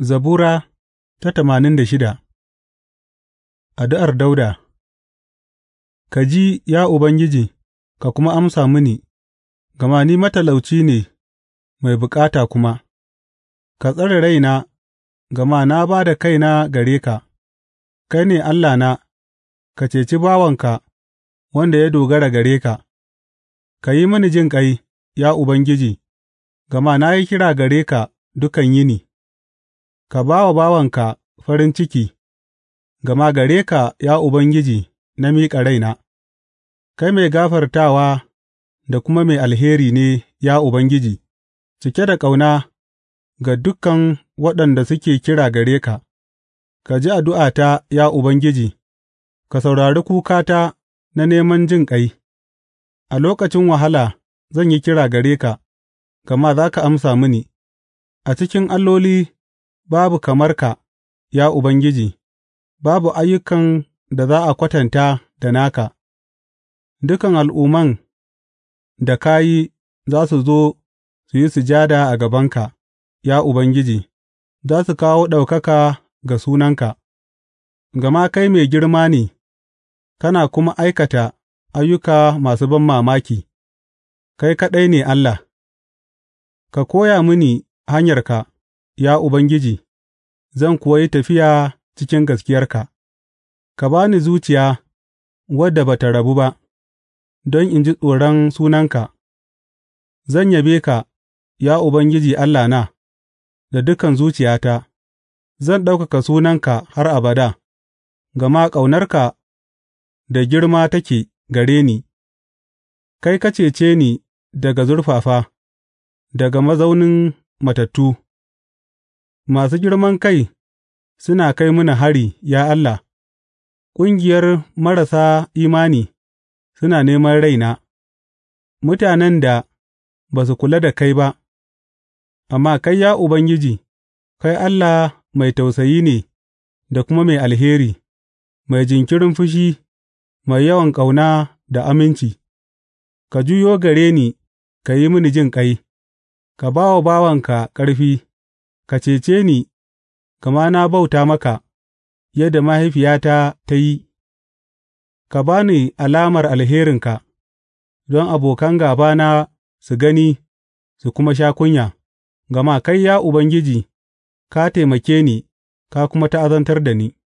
Zabura ta tamanin da shida Addu'ar Dauda Ka ji, ya Ubangiji, ka kuma amsa mini, gama ni matalauci ne mai bukata kuma; ka tsare raina, gama na ba da kaina gare ka, kai ne Allahna, ka ceci bawanka wanda ya dogara gare ka; ka yi mini ƙai ya Ubangiji, gama na yi kira gare ka dukan yini. ka ba wa bawanka farin ciki, gama gare ka, ya Ubangiji, na miƙa raina; kai mai gafartawa da kuma mai alheri ne, ya Ubangiji, cike da ƙauna ga dukan waɗanda suke kira gare ka. Ka ji addu'ata, ya Ubangiji, ka saurari kukata na neman jin ƙai. a lokacin wahala zan yi kira gare ka, gama za ka amsa mini, a cikin alloli. babu kamar ka, ya Ubangiji, babu ayyukan da za a kwatanta da naka; dukan al'umman da ka yi za su zo su yi sujada a gabanka, ya Ubangiji, za su kawo ɗaukaka ga sunanka, gama kai mai girma ne kana kuma aikata ayyuka masu ban mamaki. kai kaɗai ne Allah. Ka koya mini hanyarka. ya Ubangiji, zan kuwa yi tafiya cikin gaskiyarka; ka ba ni zuciya wadda ba tă rabu ba, don in ji tsoron sunanka; zan yabe ka, ya Ubangiji Allahna, da dukan zuciyata; zan ɗaukaka sunanka har abada, gama ƙaunarka da girma take gare ni, kai ka cece ni daga zurfafa, daga mazaunin matattu. Masu girman kai suna kai mini hari, ya Allah; ƙungiyar marasa imani suna neman raina, mutanen da ba su kula da kai ba, amma kai, ya Ubangiji, kai Allah mai tausayi ne da kuma mai alheri, mai jinkirin fushi, mai yawan ƙauna da aminci, ka juyo gare ni ka yi mini jin ƙai. ka ba wa bawanka ƙarfi. Ka cece ni, gama na bauta maka yadda mahaifiyata ta yi; ka ba ni alamar alherinka, don abokan gābana su gani su kuma sha kunya, gama kai, ya Ubangiji, ka taimake ni ka kuma ta'azantar da ni.